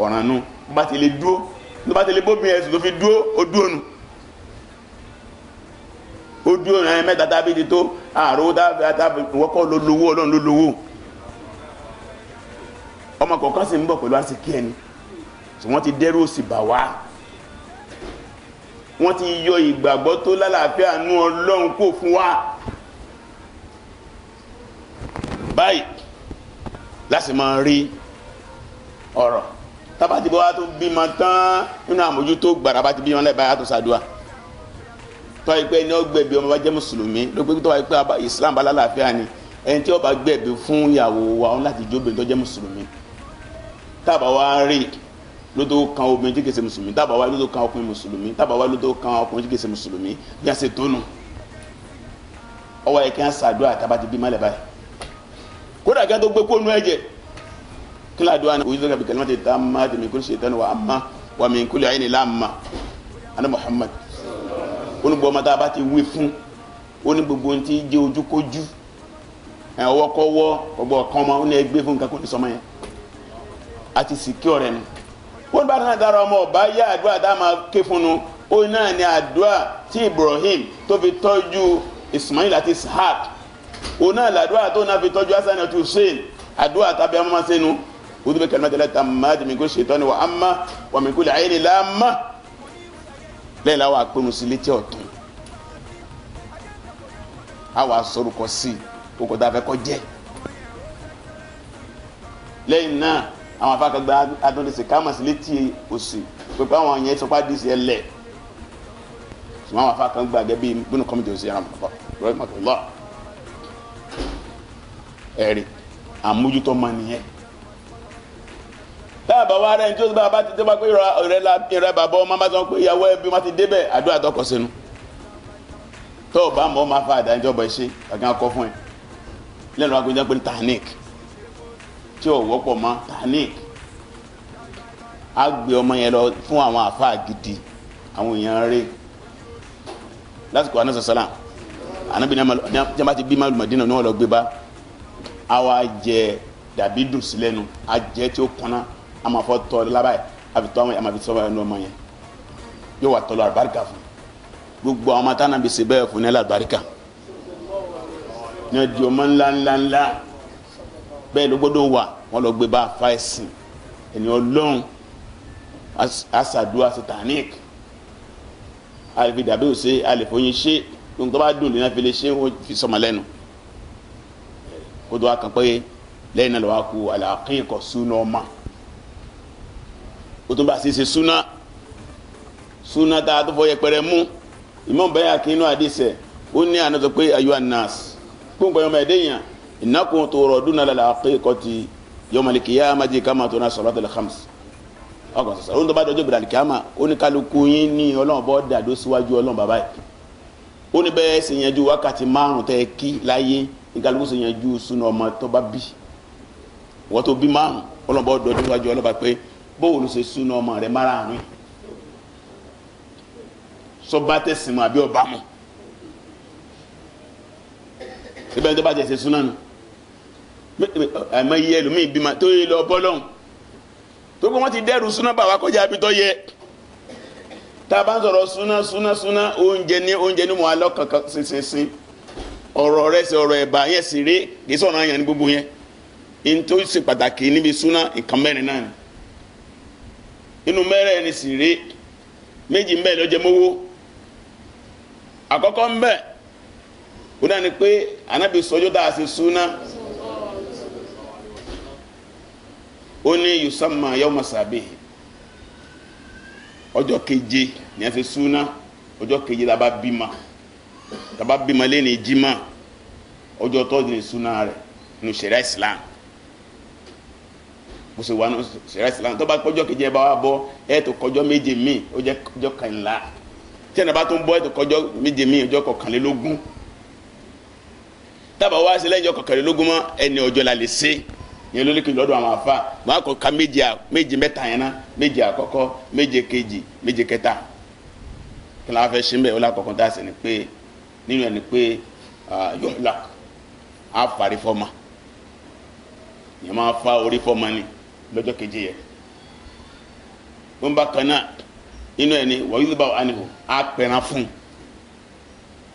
ọ̀ràn nu bá ti lè dúó ló bá ti lè bóbi ẹ̀sùn tó fi dúó o dúó nu O dúó nu ẹ̀ mẹ́ta tábí ti tó àrò tábí wọ́kọ́ ló lówó ọlọ́run ló lówó ọmọ kọ̀ọ̀kan sì ń bọ̀ pẹ̀lú àsìkí ẹni tí wọ́n ti dẹ́rù òsì bà wá wọ́n ti yọ ìgbàgbọ́ tó lálàáfíà nú ọlọ́run kò fún wa báyìí láti máa rí ọ̀rọ̀ tába ti bọ́ wa tó bímọ tán nínú àmójútó gbàrà bá ti bímọ lẹ́ẹ̀bá yàtọ̀ sàdúà tọ́ ìpẹ́ ní ọgbẹ̀bí ọmọ bá jẹ́ mùsùlùmí ló pé tọ́ ìpẹ́ Islam bá lálàáfíà ni ẹni tí ó bá gbẹ̀bí fún ìyàwó wa òun láti jó obìnrin tó jẹ́ mùsùlùmí tábà wá rí ló tó kan obìnrin tí kìí ṣe mùsùlùmí tábà wá ló tó kan ọkùnrin mùsùlùmí tábà wá ló tó kan ọkùnrin tí kìí ṣe mùsùlùmí bí a ṣe tónu ọwọ́ ẹ̀kẹ́ ń sàdúà tábà ti bímọ lẹ́ẹ̀bá yìí kódà kí a tó gbé kónú ẹ̀jẹ̀ kila do ana ujudu bi kalimati tammati min kulli shaytan wa amma wa min kulli ayni lamma ana muhammad onu bo mata bá ti wí fún oni gbogbo nti jẹ́ ojúkójú ẹ ọwọ́ kọ́wọ́ gbogbo kan ma oni egbe fún kan kò ni wọn bá náà dára ọmọ ọba yá àdúrà tá máa ké fún un ó náà ní àdúrà tí ibrahim tó fi tọ́jú ismail àti ishaq ó náà làdúrà tó náà fi tọ́jú hasan àti hussein àdúrà tàbí amọ́mọ́sẹ́nu udu bi kalimati la tammaati min ko seetọni wa ama wa min ko laayi ni laama lẹ́yìn la wa kpẹnu si létí ọ̀tún awa sọ̀rọ̀ kọ si kókó tá a fẹ́ kó jẹ́ lẹ́yìn náà àwọn afa kagbẹ adọlẹsẹ kama si létí òsì pépé àwọn yẹn sọpá di si ẹlẹ sùnmọ àwọn afa kan gbàgẹ bíi bínú kọmi jòsì yàrá mọ rẹ mọ tó lọ ẹ̀rí àmójútó ma nìyẹn táà bá wa rẹ ní tó bá bá ti tó bá pé ìrẹ la ìrẹ bàbá ọmọ bá sọ pé ìyàwó ẹbí wọn ti débẹ̀ àdúrà tọkọ sínú tó o bá mọ ọ máa fa àdájọ bọ ṣe àgbà kọ fún ẹ lẹ́nu agbẹjọ́ pé tahnik tí ò wọ́pọ̀ mọ́ tahnik á gbé ọmọ yẹn lọ fún àwọn àfáà gidi àwọn èèyàn rẹ̀ lásìkò anáṣà sálà anábì ní a ti bí màlúù màdínà ní wọn lọ gbé bá àwa jẹ dàbí dùn sí lẹ́nu tí ó kọ́ná a máa fọ tọ́ lábá yìí a fi tọ́ àwọn yẹn a máa fi sọ́wọ́ ẹnu ọmọ yẹn yóò wà tọ́lọ àlùbáríkà fún gbogbo àwọn ọmọ táwọn bèsè bẹ́ẹ̀ fún ní àlùbáríkà ní ọjọ́ ọmọ ńlá ńlá ńlá bẹ́ẹ̀ ló gbọ́dọ̀ wà wọ́n lọ gbé bá a fa ẹ̀sìn ènìyàn ọlọ́run asadua satanic alifidàbí ò ṣe alifóyin ṣe ohun tó bá dùn lẹ́yìn àfi lè ṣe ó fi sọmọ lẹ́nu kó tó lẹ́yìn náà lọ́wọ́ kú àlàkín sunu ọmọ ó tún bá ṣe ṣe súná súná tá a tó fọ yẹpẹrẹ mú Imam Bayhaqi inú àdìsẹ ó ní àná sọ pé ayu anas kóńgbà yọmọ ẹdẹ yẹn ìnákùn tó rọ dúnà lálẹ àkẹkọtì yọmọ lìkìyà májì kàmá tó ná salatul khams ọkọ sọsọ lóun tó bá dọjọ gbèrè àlìkàmá ó ní kálukú yín ní Ọlọ́run bọ dàdó síwájú Ọlọ́run bàbá yìí ó ní bẹ́ẹ̀ ṣe yanjú wákàtí márùn tẹ́ kí láyé ìkàlùkù ṣe yanjú sunu ọmọ tó bá bí wọ́n tó bí márùn ọlọ́mọba ọdọọdún wájú ọlọ́ba pé bóòlù ṣe súná ọmọ rẹ márààrún sọ bá tẹ̀sìn mu àbí ọba mu síbẹ̀ tó bá tẹ̀sìn súná nu àmọ́ iye ẹlòmíì bímọ tó yẹ lọ bọ́lọ́hún tó kọ́ wọ́n ti dẹ́rù súná bàbá kọjá àbí tó yẹ tá a bá ń sọ̀rọ̀ súná súná súná oúnjẹ ní oúnjẹ ní mo alọ́ kankan sísinsin ọ̀rọ̀ rẹ̀ sí ọ̀rọ̀ ẹ̀bà yẹn sì rí kì í sọ̀rọ̀ àyàn ní gbogbo yẹn ní tó ṣe pàtàkì níbi súná nǹkan náà nínú mere sì rèé méjì mbẹ ló jẹ mọ́wó àkọ́kọ́ mbẹ ó dání pé anabi sọjọ tá a suna súná ó ní yusamma yawma masabi ọjọ́ keje ní a suna súná ọjọ́ keje tá bima bá bima tá na bá bímọ lẹ́ni jimá ọjọ́ tó ní rẹ̀ nù sẹ̀rẹ̀ islam. bó ṣe wà ní ṣẹlẹ ìsìlámù tó bá kọjọ kejì ẹ bá wà bọ ẹ tó kọjọ méje míì ó jẹ kọjọ kànlá tí ẹnì bá tó ń bọ ẹ tó kọjọ méje míì ọjọ́ kọkànlélógún tábà wá sí lẹ́yìn kọkànlélógún mọ́ ẹni ọjọ́ la lè ṣe yẹn lórí kejì lọ́dọ̀ àwọn afa wọn kọ ka méje méje mẹ́ta yẹn ná méje àkọ́kọ́ méje kejì méje kẹta kí lóun fẹ́ ṣe ń bẹ̀ ó lákọ̀ọ́kọ́ tá a sì ní pé nínú ẹ̀ ní pé yọ̀ọ́lá á fàrí fọ́ọ̀mà yẹn máa fa orí fọ́ọ̀mà ni lọ́jọ́ keje yẹ wọn bá kan náà inú ẹni wọ́n yóò bá wà ní o á pẹ̀ràn fún un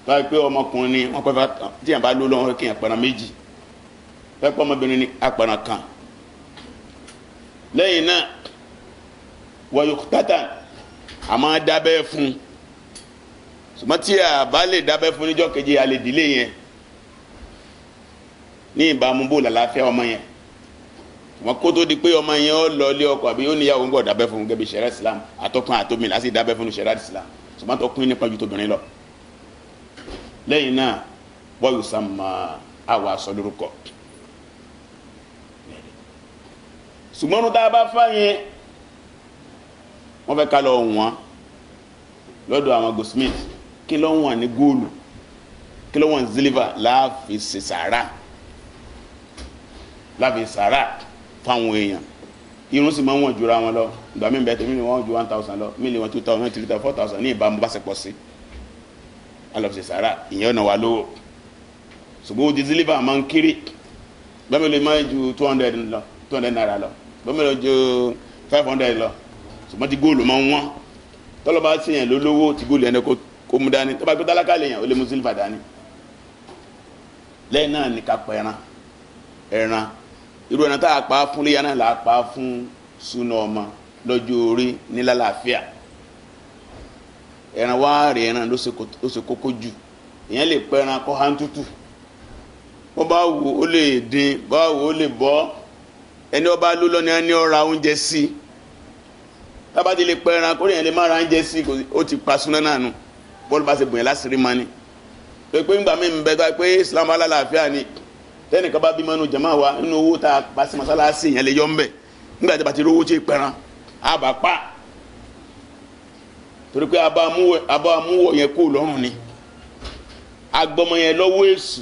báyìí pé ọmọkùnrin ni wọn pẹ́ tí yẹn bá ló lọ́wọ́ kí yẹn pẹ̀ràn méjì báyìí pé ọmọbìnrin ni á pẹ̀ràn kan lẹ́yìn náà wọ́n yóò tata a máa dábẹ́ fún un a bá lè dábẹ́ fún keje a lè dìlé yẹn ní ìbámu bò lálàáfíà ọmọ yẹn wọn kó tó di pé ọmọ yẹn ó lọ ilé ọkọ àbí ó níyàwó ń bọ̀ dábẹ́ fún gẹ́bí sẹ́rẹ́ islam atọ́kùn àtòmí láti dábẹ́ fún sẹ́rẹ́ islam ṣùgbọ́n tó kún nípa ju tóbìnrin lọ. lẹ́yìn náà bọ́ọ̀lù sàmà àwọn aṣọ lórúkọ. ṣùgbọ́n ní tá a bá fà yẹn wọ́n fẹ́ ká lọ wọ́n lọ́dọ̀ àwọn goldsmith kí ló ń wà ní góòlù kí ló ń wà ní ziliva láàfin sàrà láàfin sàrà fáwọn èèyàn irun sì máa ń wọ̀n jura wọn lọ ìgbà mi bẹ́ẹ̀ tẹ̀mí ni wọ́n ju one thousand lọ mílíọ̀nù wọn two thousand three thousand four thousand ní ìbámu bá ṣe pọ̀ sí alọ́sẹ̀ sàrà ìyẹn ọ̀nà wa lówó ṣùgbọ́n odi ziliba máa ń kiri bẹ́ẹ̀ ló máa ju two hundred lọ two hundred naira lọ bẹ́ẹ̀ ló ju five hundred lọ ṣùgbọ́n ti góòlù máa ń wọ́n tọ́lọ́ bá ṣèyàn lólówó ti góòlù yẹn kó mu dání tọ́ba gbé irú ẹran tá a pa fún léyà náà là á pa fún súnà ọmọ lọ́jọ́ orí nílàlàáfíà ẹran wá rè ẹran ló ṣe kókó jù ìyẹn lè pẹ́ ẹran kọ́ hántútù bó bá wù ó lè dín bó bá wù ó lè bọ́ ẹni ọba ló lọ́ni ẹni ọ̀ra oúnjẹ sí tábà lè pẹ́ ẹran kórè yẹn lè má ra oúnjẹ sí ó ti pa súnà náà nù bọ́ọ̀lù bá ṣe bùn yẹn láṣìírí mani pé pé ńgbà mi ń bẹ bá pé Islam alálàáfíà ni tẹ́nìkan bá bímọ nu jama wa nínú owó tá a masalasi yẹn lè yọ ńbẹ nígbà tí a bá ti rówó tí ì pẹran a bá pa torí pé abá amúwọ̀ yẹn kó lọ́rùn ni agbọmọ yẹn lọ́wọ́ èsù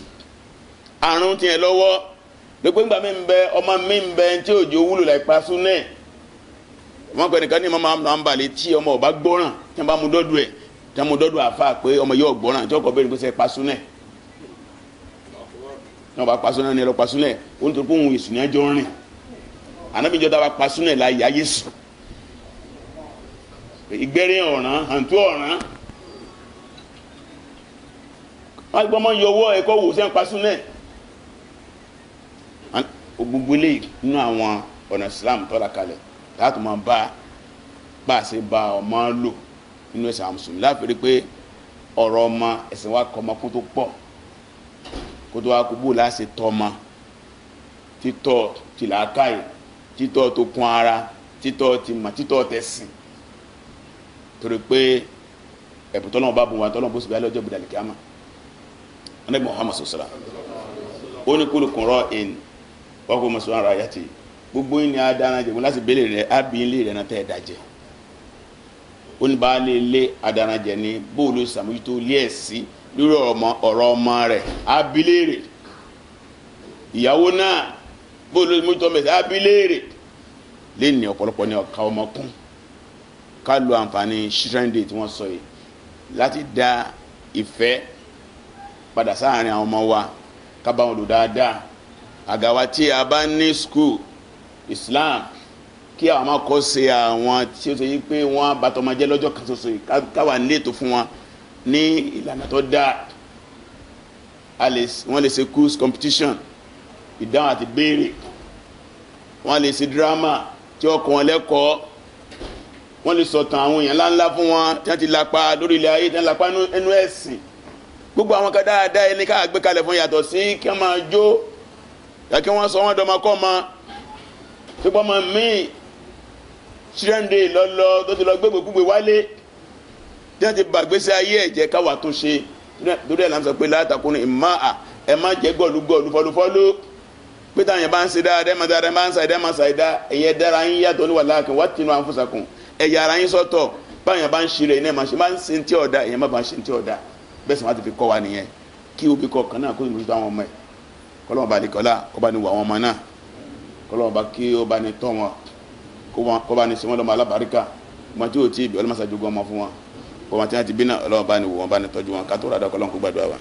àrùn tiẹ̀ lọ́wọ́ lópin nígbà mi ń bẹ ọmọ mi ń bẹ tí òjò wúlò láì pa sún náà wọn pẹ nìkan ní ọmọ máa ń balẹ̀ tí ọmọ ọba gbọ́ràn tí wọn bá mu dọ́dọ̀ ẹ̀ tí wọn mu dọ́dọ̀ àfa pé ọmọ yóò gbọ́ràn tí ọkọ̀ bẹ́ẹ̀ ni kò sẹ́ pa sún náà bá pasúnà ni ẹ lọ pasúnà ẹ ó ń tó kó òun èsì ní ẹjọ rìn ànábìjọ tá a bá pasúnà ẹ láàyè ayé sùn ìgbẹ́rẹ́ ọ̀ràn àǹtó ọ̀ràn wọ́n gbọ́ mọ́ yọ owó ẹ̀kọ́ wò sẹ́ ń gbogbo eléyìí nínú àwọn ọ̀nà Islam tọ́lá kalẹ̀ láti máa bá bá a ṣe bá ọmọ lò nínú ẹ̀sìn àwọn láfi rí pé ọ̀rọ̀ ọmọ ẹ̀sìn wa kọ́ ọmọ tó pọ̀ kótó wa kó bó láṣẹ tọmọ títọ́ tìlákàyè títọ́ tó kún ara títọ́ ti mà títọ́ tẹ̀sìn torí pé ẹ̀bùn tọ́lọ́mù bá bùn wá tọ́lọ́mù bó sì bí alẹ́ ọjọ́ ìbùdàlẹ̀ kíámà ọ̀nẹ́gbọ̀n Muhammad sọ̀sọ̀ra ó ní kúlù kún rọ in wọ́n kó mọ̀sán ara yàtì gbogbo yìí ni a dáná jẹ láti bẹ́lẹ̀ rẹ̀ á bí ilé rẹ̀ náà tẹ́ ẹ̀ dájẹ́ ó ní baálé ilé adáná jẹ ní bóòlù sàmójútó lé ẹ̀ sí lórí ọ̀rọ̀ ọmọ rẹ̀ abiléèrè ìyàwó náà bóyá ló mójútó mẹsẹ̀ abiléèrè lè ní ọ̀pọ̀lọpọ̀ ní ọ̀ka ọmọkún ká lo àǹfààní children day tí wọ́n sọ yìí láti da ìfẹ́ padà sáàárín àwọn ọmọ wa ká bá wọn lò dáadáa àgàwà tí a bá ní school Islam kí àwọn ọmọ kọ́ ṣe àwọn tí ó ṣe yí pé wọ́n bàtọ́ ọmọ jẹ́ lọ́jọ́ kan ṣoṣo yìí káwa ní ètò fún wọn ní ìlànà tó dáa wọ́n lè se quiz competition ìdáhùn àti béèrè wọ́n lè se drama tí ọkọ̀ wọn lẹ́kọ̀ọ́ wọ́n lè sọ̀tàn àwọn èèyàn ńláńlá fún wọn tí wọ́n ti lapa lórí ilẹ̀ ayé tí wọ́n lapa nínú ẹ̀sìn gbogbo àwọn kan dáadáa ẹni ká gbé kalẹ̀ fún yàtọ̀ sí kí wọ́n máa jó kí wọ́n sọ wọ́n dọ́mọ kọ́ ọmọ tó gbọ́ ọmọ lọ́lọ́ tó ti lọ gbégbé gbogbo wálé tí wọn ti ba gbèsè ayé ẹ jẹ káwa tó ṣe lórí ẹ lànà sọ pé látàkùnrin ìmọ à ẹ má jẹ gọlù gọlù fọlúfọlú pé táwọn yẹn bá ń ṣe dáadáa ẹ má dáadáa ẹ má ń ṣàìdá ẹ má ṣàìdá ẹyẹ dára yín yàtọ̀ ní wàláàkín wà tìǹbù àǹfọ̀sàkùn ẹ̀yà ara yín sọ̀tọ̀ báwọn yẹn bá ń ṣeré iná ẹ̀ máa ṣe máa ń ṣe ti ọ̀dà ẹ̀yẹ má bá ń ṣe ti ọ̀dà bẹ́ẹ̀ kó bá ní wà àwọn ọmọ náà kọ́lọ́mọ̀ bá kí ó bá wọn wọn àti wọn ti bí náà ọlọ́wọ́n bá ní wò bá ní tọ́jú wọn kátó rà dọ́kọ́ lọ́nkó gbàdúrà wa.